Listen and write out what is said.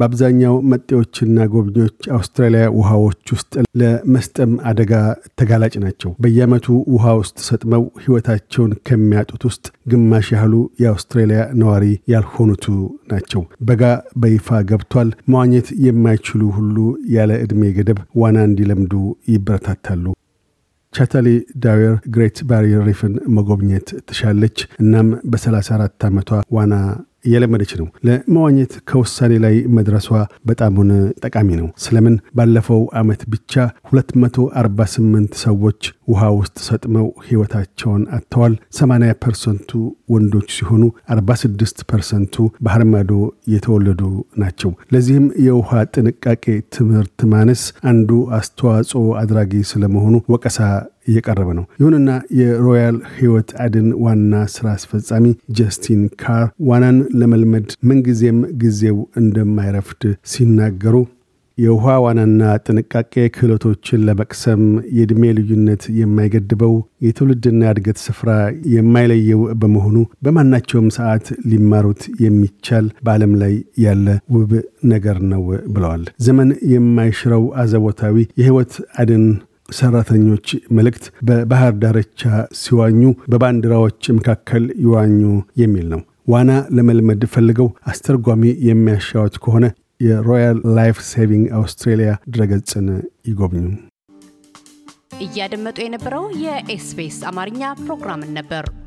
በአብዛኛው መጤዎችና ጎብኚዎች አውስትራሊያ ውሃዎች ውስጥ ለመስጠም አደጋ ተጋላጭ ናቸው። በየዓመቱ ውሃ ውስጥ ሰጥመው ሕይወታቸውን ከሚያጡት ውስጥ ግማሽ ያህሉ የአውስትራሊያ ነዋሪ ያልሆኑቱ ናቸው። በጋ በይፋ ገብቷል። መዋኘት የማይችሉ ሁሉ ያለ ዕድሜ ገደብ ዋና እንዲለምዱ ይበረታታሉ። ቻተሊ ዳዌር ግሬት ባሪር ሪፍን መጎብኘት ትሻለች። እናም በ34 ዓመቷ ዋና እየለመደች ነው። ለመዋኘት ከውሳኔ ላይ መድረሷ በጣሙን ጠቃሚ ነው። ስለምን ባለፈው ዓመት ብቻ 248 ሰዎች ውሃ ውስጥ ሰጥመው ሕይወታቸውን አጥተዋል። 80 ፐርሰንቱ ወንዶች ሲሆኑ 46 ፐርሰንቱ ባህር ማዶ የተወለዱ ናቸው። ለዚህም የውሃ ጥንቃቄ ትምህርት ማነስ አንዱ አስተዋጽኦ አድራጊ ስለመሆኑ ወቀሳ እየቀረበ ነው። ይሁንና የሮያል ህይወት አድን ዋና ስራ አስፈጻሚ ጀስቲን ካር ዋናን ለመልመድ ምንጊዜም ጊዜው እንደማይረፍድ ሲናገሩ የውሃ ዋናና ጥንቃቄ ክህሎቶችን ለመቅሰም የዕድሜ ልዩነት የማይገድበው የትውልድና እድገት ስፍራ የማይለየው በመሆኑ በማናቸውም ሰዓት ሊማሩት የሚቻል በዓለም ላይ ያለ ውብ ነገር ነው ብለዋል። ዘመን የማይሽረው አዘቦታዊ የህይወት አድን ሰራተኞች መልእክት በባህር ዳርቻ ሲዋኙ በባንዲራዎች መካከል ይዋኙ የሚል ነው። ዋና ለመልመድ ፈልገው አስተርጓሚ የሚያሻዎት ከሆነ የሮያል ላይፍ ሴቪንግ አውስትሬሊያ ድረገጽን ይጎብኙ። እያደመጡ የነበረው የኤስፔስ አማርኛ ፕሮግራምን ነበር።